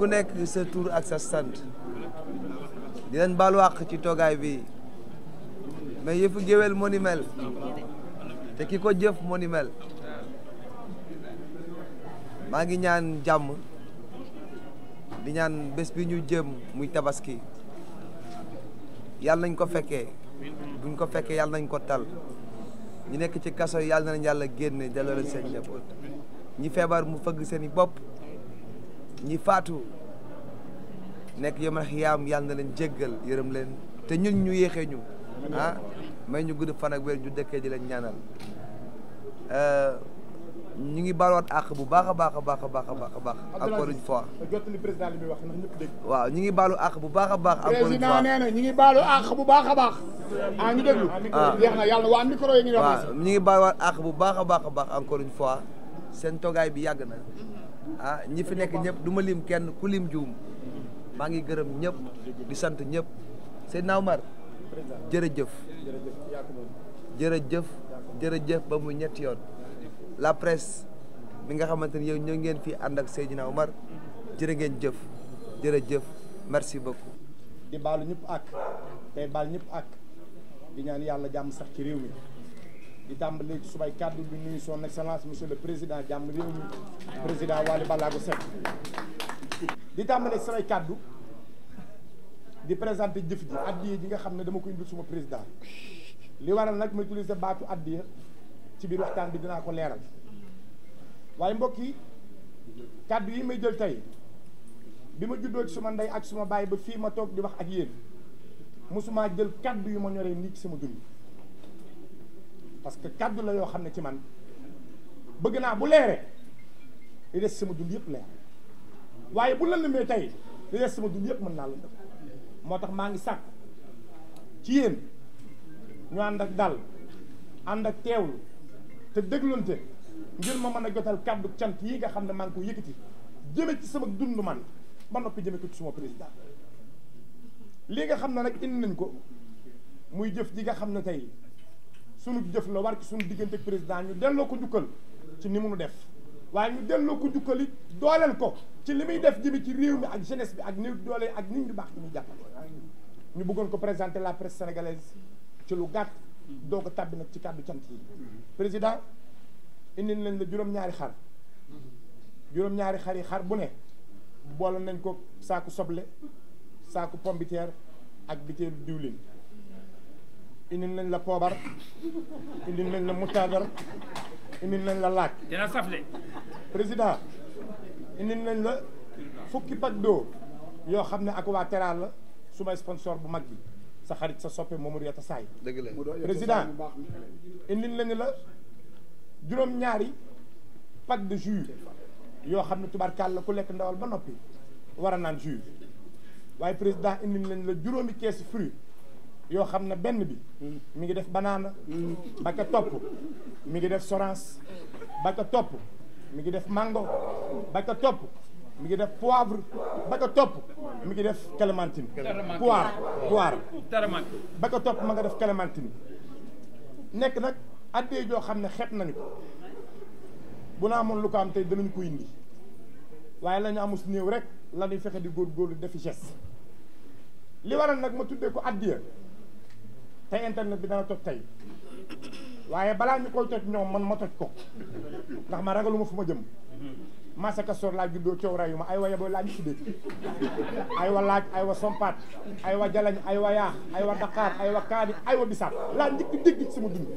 ku nekk sa tur ak sa sant di leen baal wàq ci toogaay bi mais yëfu géwél moo te ki ko jëf moo maa ngi ñaan jàmm di ñaan bés bi ñu jëm muy tabaski yàlla nañ ko fekkee buñ ko fekkee yàlla nañ ko tal ñu nekk ci kaso yàlla nañ yàlla génne delloo leen seen njaboot ñi feebar mu fëgg seeni bopp ñi faatu nekk yomal xiyaam yàlla na leen jéggal yërëm leen te ñun ñu yéexee ñu ah ñu gudd fan ak wér ñu dëkkee di leen ñaanal euh, ñu ngi baroot àq bu baax a baax a baax a baax a baax encore une fois jottali président li ñu ngi baalu àq bu baax a baax encore ngi baalu àq bu baax a baax ah ñu ah. ngi wax waaw bu baax a baax a baax encore une fois seen togaay bi yàgg na ah ñi fi nekk ñëpp du ma lim kenn ku lim juum maa ngi gërëm ñëpp di sant ñëpp Seydina Omar jërëjëf jërëjëf jërëjëf ba mu ñetti yoon la presse mi nga xamante ni yow ñoo ngeen fi ànd ak Seydina Omar jërë ngeen jëf jërëjëf merci beaucoup di baalu ñëpp ak tey baal ñëpp ak di ñaan yàlla jàmm sax ci réew mi di tàmbali subay kàddu bi nuyu son excellence monsieur le président jàmm réew mi président Waly Ballago Seck di tàmbali samay kaddu di présenté jëf ji addiye ji nga xam ne dama ko indil suma président li waral nag ma utiliser baatu addiye ci biir waxtaan bi dinaa ko leeral waaye mbokk yi kaddu yi may jël tey bi ma juddoo ci suma ndey ak suma baay ba fii ma toog di wax ak yéen mosumaa jël kaddu yu ma ñoree nii ci sama dund parce que kàddu la yoo xam ne ci man bëgg naa bu leere li des sama dund yëpp leer waaye bu lëndëmee tey li des sama dund yëpp mën naa lëndëm moo tax maa ngi sàkk ci yéen ñu ànd ak dal ànd ak teewlu te déglonte ngir ma mën a jotal kàddu cant yi nga xam ne maa ngi ko yëkkati jëme ci sama dund man ba noppi jëme ko ci suma président li nga xam ne nag indi nañ ko muy jëf ji nga xam ne tey sunu jëf la war ci sunu diggante ak président ñu delloo ko jukkal ci ni mu def waaye ñu delloo ko jukkal it dooleel ko ci li muy def jëme ci réew mi ak jeunesse bi ak néew doole ak nit ñu baax ñu muy jàppale ñu bëggoon ko présenter la presse sénégalaise ci lu gàtt doo ko tàbbi nag ci kàddu cant yi président indi nañ la juróom-ñaari xar juróom-ñaari xar yi xar bu ne boole nañ ko saaku soble saaku pombiteer ak biteelu diwlin indil nañ la poobar indil nañ la muccaadar indil nañ la laaj. dina safle. président indil nañ la fukki pack d'eau yoo xam ne ak waa Tera la suma sponsor bu mag bi sa xarit sa soppe Mamadou Yatta Saay. dëgg la président indil nañ la juróom-ñaari pack de jus yoo xam ne tubaarkaal la ku lekk ndawal ba noppi war a naan jus waaye président indi nañ la juróomi kees fruit. yoo xam ne benn bi mi ngi def banaana ba ka topp mi ngi def sorance ba ka topp mi ngi def mango ba ka topp mi ngi def poivre ba ka topp mi ngi def clémentine poire poire ba ka topp ma nga def clémentine nekk nag addee joo xam ne xeet nañu ko bu naa amoon lu ko am tey danañ ko indi waaye la ñu amus néew rek la ñuy fexe di góorgóorlu defi geste li waral nag ma tuddee ko addiya te internet bi dana toj tey waaye balaa ñu koy toj ñoom man ma toj ko ndax ma ragalu ma fu ma jëm masa kastoor laa juddoo coow rayu ma ay wa yabooy laa ñu tuddee ay wa laaj ay wa sompaat ay wa jalañ ay wa yaax ay wa daqaar ay wa kaani ay wa bisaab laa njëkk dégg ci sama dund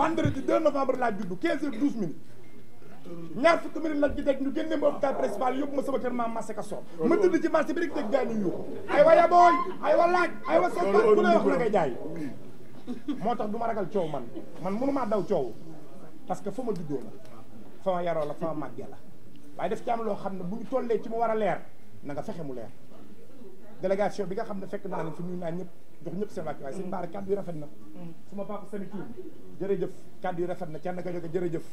vendredi 2 novembre laa juddu 15 heures 12 minutes ñaar fukki minute nag ji daj ñu génne ma hôpital principal yóbbu ma sama kër maam Masaka Sow ma tëdd ci marché bi rek dégg gaa ñu yuuxu ay wa yabooy ay wa laaj ay wa soo ku lay wax la ngay jaay moo tax du ragal coow man man mënumaa daw coow parce que fa ma juddoo la fa la fa ma la waaye daf ci am loo xam ne bu ñu tollee ci mu war a leer na nga fexe mu leer délégation bi nga xam ne fekk naa la fi ñuy naan ñëpp jox ñëpp seen wàcc waaye sëñ Bara kàddu yi rafet na mm. suma papa sami tuur jërëjëf kàddu yi rafet na kenn ka joge jërëjëf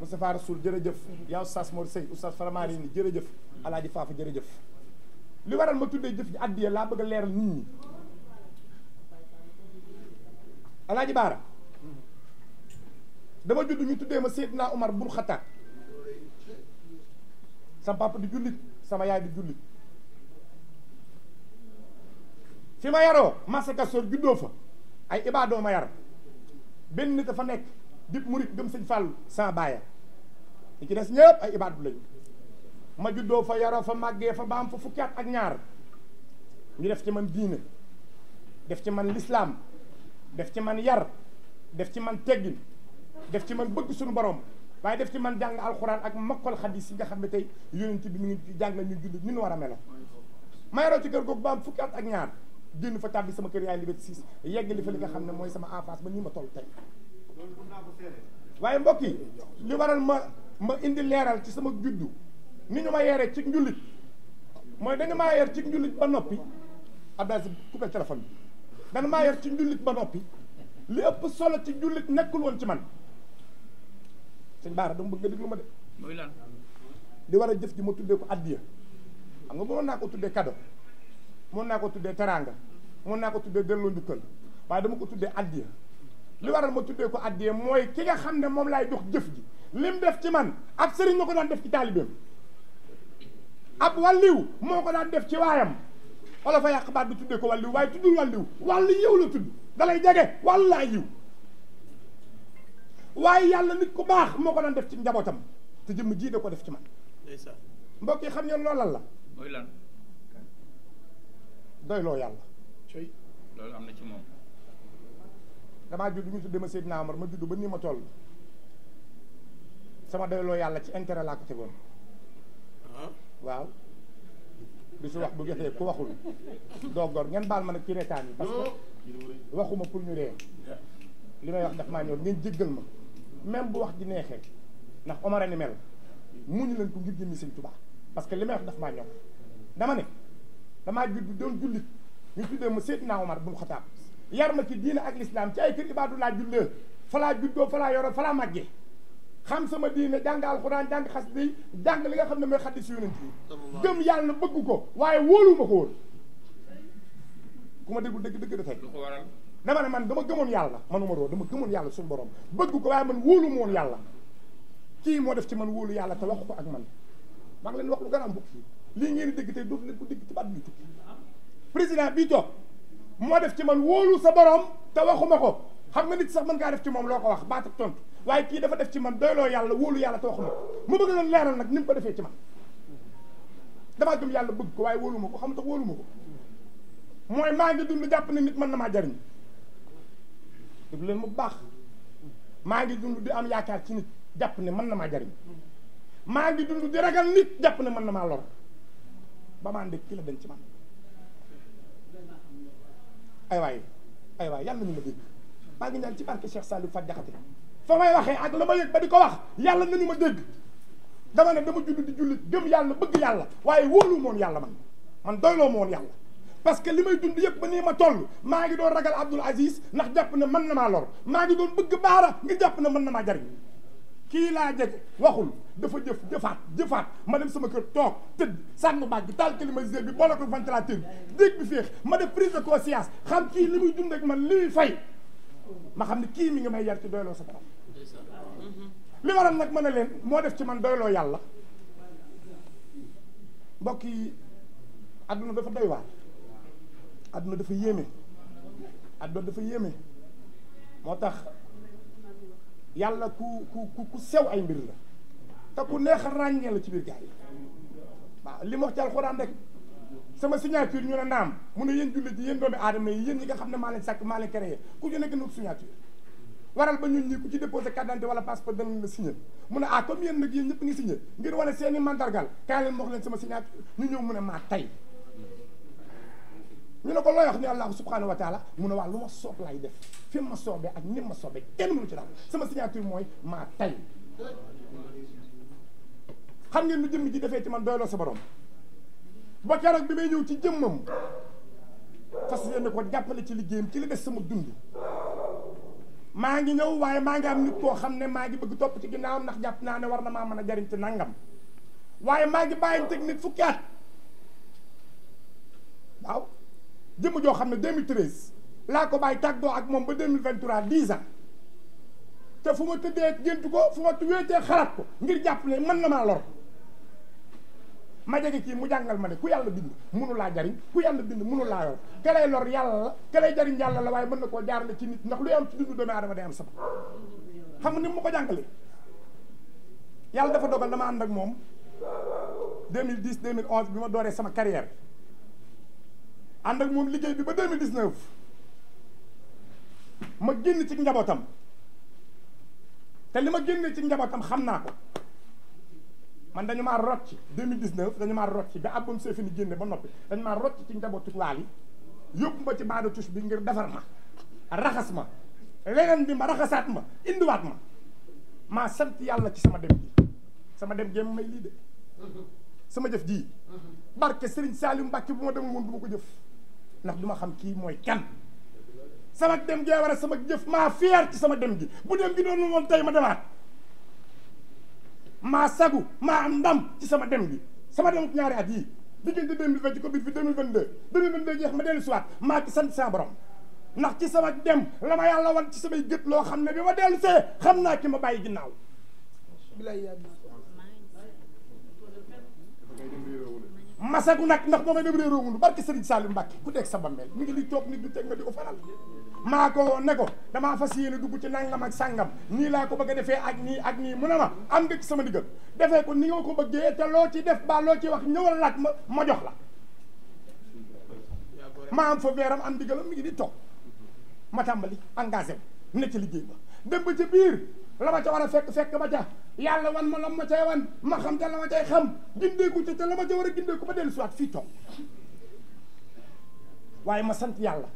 Moustapha Rasoul jërëjëf mm-hmm. yaa oustaz Mor Sey oustaz Faramari ni jërëjëf alaaji Faafa jërëjëf li waral ma tuddee jëf ji addiya laa bëgg a leeral nit ñi alaaji Bara mm-hmm. dama judd ñu tuddee ma Seydina Omar bul xataat sama papa di jullit sama yaay di jullit ci ma yaroo Massa Kastoor juddoo fa ay ibaadoo ma yar benn nit dafa nekk dib murit gëm sëñ Fall sans baaya li ci des ñëpp ay ibaadu lañu ma juddoo fa yaroo fa màggee fa ba am fa fukki at ak ñaar ñu def ci man diine def ci man lislaam def ci man yar def ci man teggin def ci man bëgg suñu borom waaye def ci man jàng alxuraan ak mokkal xadis yi nga xam ne tey yonent bi mu ngi jàng ñu jullit ñu war a melo ma yaroo ci kër googu ba am fukki at a ñaar génn fa tàbbi sama kër yaay Liberté 6 yeggali fa li nga xam ne mooy sama enfance ba nii ma toll tey waaye mbokk yi li waral ma ma indi leeral ci sama juddu ni ñu ma yeeree ci njullit mooy dañu maa yer ci njullit ba noppi Abdoulaye si coupé bi dañu maa yer ci njullit ba noppi li ëpp solo ci njullit nekkul woon ci man sëñ Baara dama bëgg nga déglu ma de. mooy lan li war a jëf ji ma tuddee ko addiya xam nga mënoon naa ko tuddee cadeau. mun naa ko tuddee teraanga mun naa ko tuddee delloo njukkal waaye dama ko tuddee addiya li waral ma tuddee ko addiya mooy ki nga xam ne moom laay jox jëf ji lim def ci man ak sëriñ ma ko daan def ci taalibeem ab wàlliw moo ko daan def ci waayam wala fa yàq baat bi tuddee ko wàlliw waaye tuddul wàlliw wàllu yiw la tudd dalay jege wàllu laa yiw waaye yàlla nit ko baax moo ko daan def ci njabootam te jëmm jii da ko def ci man mbokk yi xam ngeen loolal la doyloo yàlla. cëy ci moom. damaa judd ñu tuddee ma Seydina ma judd ba nii ma toll sama doyloo yàlla ci intérêt laa ko tegoon. Ah. waaw. bi su wax bu jotee ku waxul doo gor ngeen baal ma nag ci reetaan yi parce que waxuma pour ñu ree li may wax daf maa ñor ngeen jéggal ma même bu wax di neexee ndax Omar a ni mel muñu leen ko ngir jëmmi sëñ Tuubaa parce que li may wax daf maa ñor dama ne damaa judd doon jullit ñu tuddee ma Seydina Omar bun Xataab yar ma ci diina ak lislaam ci ay kër ibaadu laa jullee falaa juddoo falaa yoroo falaa màggee xam sama diine jàng alxuraan jàng xas bi jàng li nga xam ne mooy xaddi si yonent yi gëm yàlla bëgg ko waaye ma ko woon ku ma déglu dëgg dëgg dafay dama ne man dama gëmoon yàlla man Omaro dama gëmoon yàlla suñu borom bëgg ko waaye man wóolu moon yàlla kii moo def ci man wóolu yàlla te wax ko man maa wax lu gën am bukk fii lii ngeen di dégg tey dootu leen ko dégg ci baat bi tukki président bii toog moo def ci man wóolu sa borom te waxuma ko xam nga nit sax man ngaa def ci moom loo ko wax baatab tontu waaye kii dafa def ci man doyloo yàlla wóolu yàlla te waxuma ko mu bëgg leen leeral nag ni ko defee ci man jum gëm yàlla bëgg ko waaye wóolu ma ko xam tax wóolu ma ko mooy maa ngi dund jàpp ne nit mën na maa jariñ déglu leen mu baax maa ngi dund di am yaakaar ci nit jàpp ne mën na maa jariñ maa ngi dund di ragal nit jàpp ne mën na maa lor ba maa ndég ki la denc man ay waay ay waay yàlla nañu ma dégg maa ngi ñaan ci barke Cheikh Saliou Fat Jaxate fa may waxee ak la ma yëg ba di ko wax yàlla nañu ma dégg dama ne dama judd di jullit gëm na bëgg yàlla waaye wóolu moon yàlla man man doyloo moon yàlla parce que li may dund yëpp ba nii ma toll maa ngi doon ragal Abdoul Aziz ndax jàpp na mën na maa lor maa ngi doon bëgg baara ngir jàpp na mën na maa jariñ kii laa jege waxul dafa jëf jëfaat jëfaat ma dem sama kër toog tëdd sànni baag bi taal climatiseur bi boole ko ventilateur bi dégg bi féex ma def prise de conscience xam kii li muy dund ak man lii fay ma xam ne kii mi ngi may yar ci doyloo sa borom li waral nag ma ne leen moo def ci man doyloo yàlla mbokk yi adduna dafa doy waar adduna dafa yéeme adduna dafa yéeme moo tax yàlla ku ku ku sew ay mbir la te ku neex ràññee la ci biir gaay yi li ma wax ci alxuraan rek sama signature ñu ne naam mu ne yéen jullit yi yéen doomi aadama yi yéen ñi nga xam ne maa leen sàkk maa leen créé ku ñu nekk nag signature waral ba ñun ñii ku ci déposé carte d'identité wala passeport danañ la signé mu ne ah comme yéen nag yéen ñëpp ngi signé ngir wane seen i mandargal kaay leen wax leen sama signature ñu ñëw mu a maa tey ñu ne ko looy wax ne allahu subhanahu wa taala mu ne waa lu ma soob laay def fi ma soobee ak ni ma soobee kenn mënu ci dara sama signature mooy maa tay xam ngeen lu jëmm ji defee ci man doyloo sa borom boo keroog bi may ñëw ci jëmmam fas yéene ko jàppale ci liggéeyam ci li des sama dund maa ngi ñëw waaye maa ngi am nit koo xam ne maa ngi bëgg topp ci ginnaawam ndax jàpp naa ne war na maa mën a jariñ ci nàngam waaye maa ngi bàyyi teg nit fukki at jëmm joo xam ne 2013 laa ko bàyyi tàggoo ak moom ba 2023 10 ans te fu ma tëddee géntu ko fu ma wéetee xalaat ko ngir jàpp ne man na maa lor ma jege kii mu jàngal ma ne ku yàlla bind mënu laa jariñ ku yàlla bind mënu laa yor ka lay lor yàlla la ka lay jariñ yàlla la waaye mën na koo jaarale ci nit ndax luy am ci dundu doomu aadama day am sabab xam nga ni mu ko jàngalee yàlla dafa dogal ma ànd ak moom 2010 2011 bi ma dooree sama carrière ànd ak moom liggéey bi ba 2019 ma génn ci njabootam te li ma génn ci njabootam xam naa ko man dañu maa rocc 2019 dañu maa rocc ba album Seyfi ni génne ba noppi dañu maa rocc ci njabootu Wally yóbbu ma ci baada touche bi ngir defar ma raxas ma leneen bi ma raxasaat ma indiwaat ma maa sant yàlla ci sama dem gi sama dem gee ma may lii de sama jëf ji barke Serigne Saliou Mbacke bu ma demoon du ma ko jëf ndax du ma xam kii mooy kan sama dem gee war a sama jëf maa fier ci sama dem gi bu dem gi doon moom tey ma demaat maa sagu maa am ndam ci sama dem gi sama dem ñaari at yii diggante dem bi vingt ci ko biir fi deux mille vingt deux deux mille vingt jeex ma dellu siwaat maa ci sant saa borom ndax ci sama dem la ma yàlla wan ci samay gët loo xam ne bi ma dellu see xam naa ki ma bàyyi ginnaaw masagu nag ndax moom ay dem réeroo wul barki Serigne Salim Mbacke ku teg sa bambeel mi ngi di toog nit di teg ma di ko faral maa ko ne ko damaa fas yéene dugg ci nangam ak sangam nii laa ko bëgg defee ak nii ak nii mu ne ma am dëkk sama diggal defee ko ni nga ko bëggee te loo ci def ba loo ci wax ñëwal laaj ma ma jox la ma am fa weeram am diggalam mi ngi di toog ma tàmbali engagé wu ne ci liggéey ba dem ba ca biir la ma ca war a fekk ma ca yàlla wan ma la ma cay wan ma xam te la ma cay xam gindeeku ca te la ma ca war a gindeeku ba dellu siwaat fii toog waaye ma sant yàlla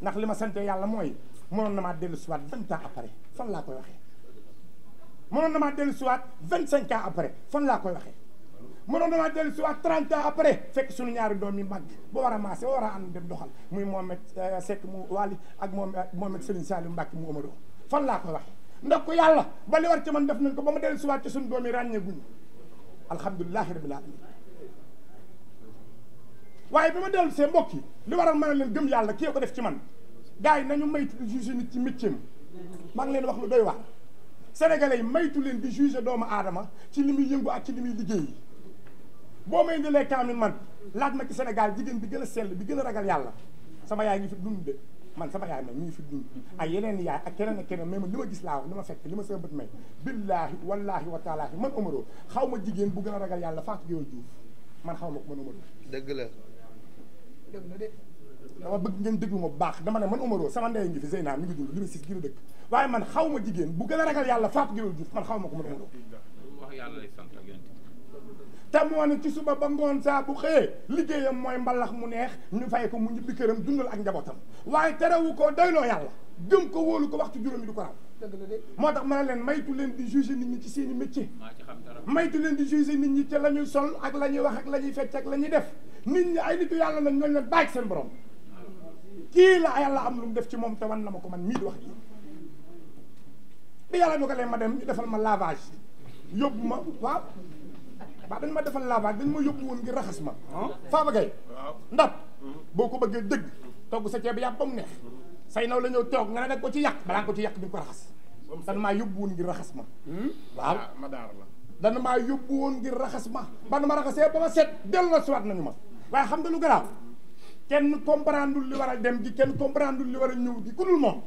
ndax li ma sante yàlla mooy mënoon na maa dellu siwaat vingt ans après fan laa koy waxee mënoon na maa dellu siwaat vingt cinq après fan laa koy waxee mënoon na maa dellu siwaat trente ans après fekk suñu ñaari doom yi mag ba war a maase ba war a ànd dem doxal muy Mohamed euh, Seck mu Wali ak moo euh, Mohamed Serigne Salim Mbacke mu Omaro fan laa koy ndax ko yàlla ba li war ci man def nañ ko ba mu dellu si waat ci suñu doom yi ràññee guñu alhamdulilahi rabbil waaye bi ma dellu see mbokk yi li waral ma ne leen gëm yàlla kii ko def ci man gars yi nañu maytu di nit ci métier ma ngi leen wax lu doy waar sénégalais yi maytu leen di juger doomu aadama ci li muy yëngu ak ci li muy liggéey yi boo may indilee kaamil man laaj ma ci senegal jigéen bi gën a sell bi gën a ragal yàlla sama yaay ngi fi dund de man sama yaay man mi ngi fi dund mm-hmm. ak yeneen yaay ak keneen ak keneen mais man li ma gis laa wax li ma fekk li ma sama bët may billaahi wallaahi wa man Omaro xaw ma jigéen bu gën a ragal yàlla Fatou Gueye Diouf man xaw ma ko man Omaro dëgg la dëgg la de dama bëgg ma bu baax dama ne man Omaro sama ndey ngi fi Zeyna mi ngi gën a dëkk man xaw ma jigéen bu gën a ragal yàlla Fatou Gueye Diouf man xaw ma ko man Omaro te moo ne ci suba ba ngoon saa bu xëyee liggéeyam mooy mbalax mu neex ñu fay ko mu ñibbi këram dundal ak njabootam waaye terewu ko doyloo yàlla gëm ko wóolu ko waxtu juróomi du ko raw moo tax ma ne leen maytu leen di juger nit ñi ci seeni métier maytu leen di juger nit ñi ca la ñuy sol ak la ñuy wax ak la ñuy fecc ak la ñuy def nit ñi ay nitu yàlla nag ñooñu leen baaj seen borom kii la yàlla am lu mu def ci moom te wan na ma ko man mii di wax ak yéen bi yàlla ma dem ñu ma lavage yóbbu ma waaw waaw dañ ma defal laa lavage dañ ma yóbbu woon ngir raxas ma ah, Faaba Gaye ndap hmm. boo ko bëggee dëgg togg sa ceeb yàpp ba mu neex hmm. say naw la ñëw toog nga ne nag ko ci yàq balaa nga ko ci yàq bi ko raxas dan maa yóbbu woon ngir raxas ma hmm? waaw ah, ma daar la dan maa yóbbu woon ngir raxas ma ban ma raxasee ba ma set delloo siwaat nañu ma waaye xam nga lu garaaw kenn comprendre li war a dem gi kenn comprendre li war a ñëw gi ku dul moom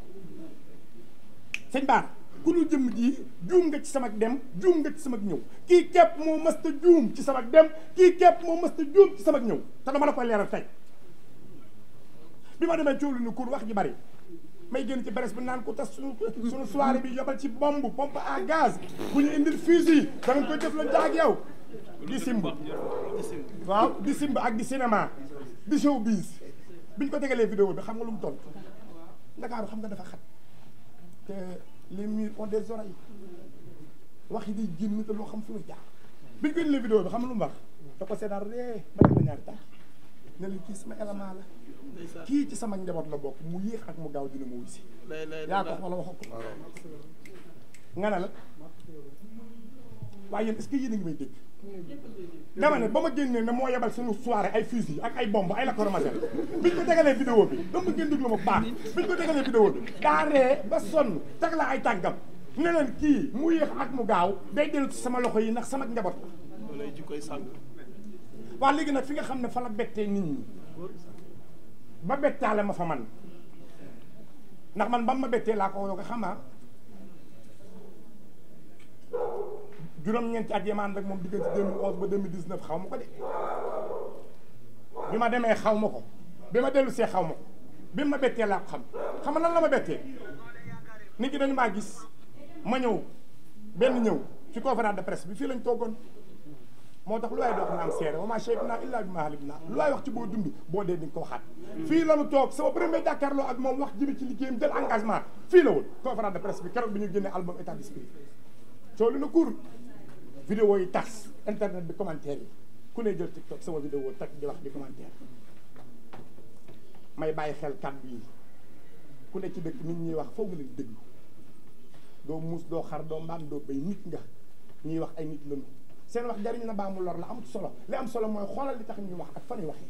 sëñ Baar ku dul jëmm jii juum nga ci sama dem juum nga ci sama ñëw kii képp moo mës ta ci sama dem kii képp moo mës ta juum ci sama ñëw te dama ko koy leeral tey bi ma demee lu ni kur wax ji bari may jën ci beres bi naan ko tas suñu suñu soirée bi yobal ci bombe pompe à gaz bu ñu indi fusil danañ koy def la jaag yow di simb waaw di simb ak di cinéma di showbiz biñ ko tegalee vidéo bi xam nga lu mu toll Ndakaaru xam nga dafa xat les murs ont des oreilles wax yi di génn te loo xam fu ñu jaar biñ ko indee vidéo bi xam lu mu da ko seetaan ree ma def la ñaari tax ne kii sama élément la kii ci sama njaboot la bokk mu yéex ak mu gaaw dina ma wuy si yaa ko wala waxu ko nga ne la waaye yéen est-ce que yéen a ngi may dégg dama ne ba ma génnee ne moo yebal suñu soirée ay fusil ak ay bombe ay lacrymogène biñ ko tegalee vidéo bi dama ngeen déglu ma baax biñ ko tegalee vidéo bi daa ree ba sonn teg la ay tànkam ne leen kii mu yéex ak mu gaaw day dellu ci sama loxo yi ndax sama njaboot la waa léegi nag fi nga xam ne fa la bettee nit ñi ba bettaale ma fa man ndax man ba ma bettee laa ko yoo ko xamaa juróom-ñeenti at yemaan rek moom diggante 2011 ba 2019 xaw ma ko de bi ma demee xaw ma ko bi ma dellu see xaw ma ko bi ma bettee laa ko xam xam lan la ma bettee nit ñi dañu maa gis ma ñëw benn ñëw ci conférence de presse bi fii lañ toogoon moo tax lu waay dox na am seere wa maa shahidnaa illaa bimaa alimnaa lu waay wax ci boo dund boo dee di ko waxaat fii lañu toog sama premier jàkkaarloo ak moom wax jëme ci liggéeyam jël engagement fii la woon conférence de presse bi keroog bi ñu génnee album état d'esprit coow li na kuur vidéo yi tas internet bi commentaire yi ku ne jël TikTok sama vidéo tax di wax di commentaire may bàyyi xel kàddu yi ku ne ci dëkk nit ñuy wax foog nga leen déglu doo muus doo xar doo mbaam doo béy nit nga ñuy wax ay nit lañu seen wax jariñ na baa mu lor la am solo li am solo mooy xoolal li tax ñuy wax ak fa ñuy waxee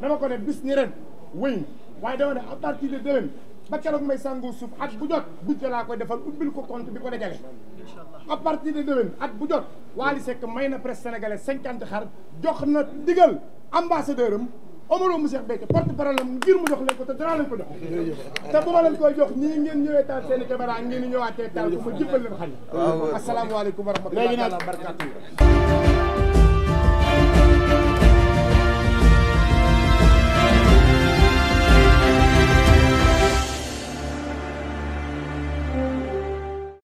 dama ko ne bis ni wéy waaye dama ne à partir de déwén ba keroog may sàngoo suuf at bu jot laa koy defal bil ko compte bi ko dajale à partir de déwén at bu jot Wally Seck may na presse sénégalais cinquante xar jox na digal ambassadeur am Omaro mu Cheikh Béthio porte parole am ngir mu jox leen ko te dara leen ko jox te bu ma leen jox ñii ngeen ñëwee taal seen i caméra ngeen ñëwaatee taal ko ma jëbbal leen xarit asalaamaaleykum wa rahmatulah wa barakaatu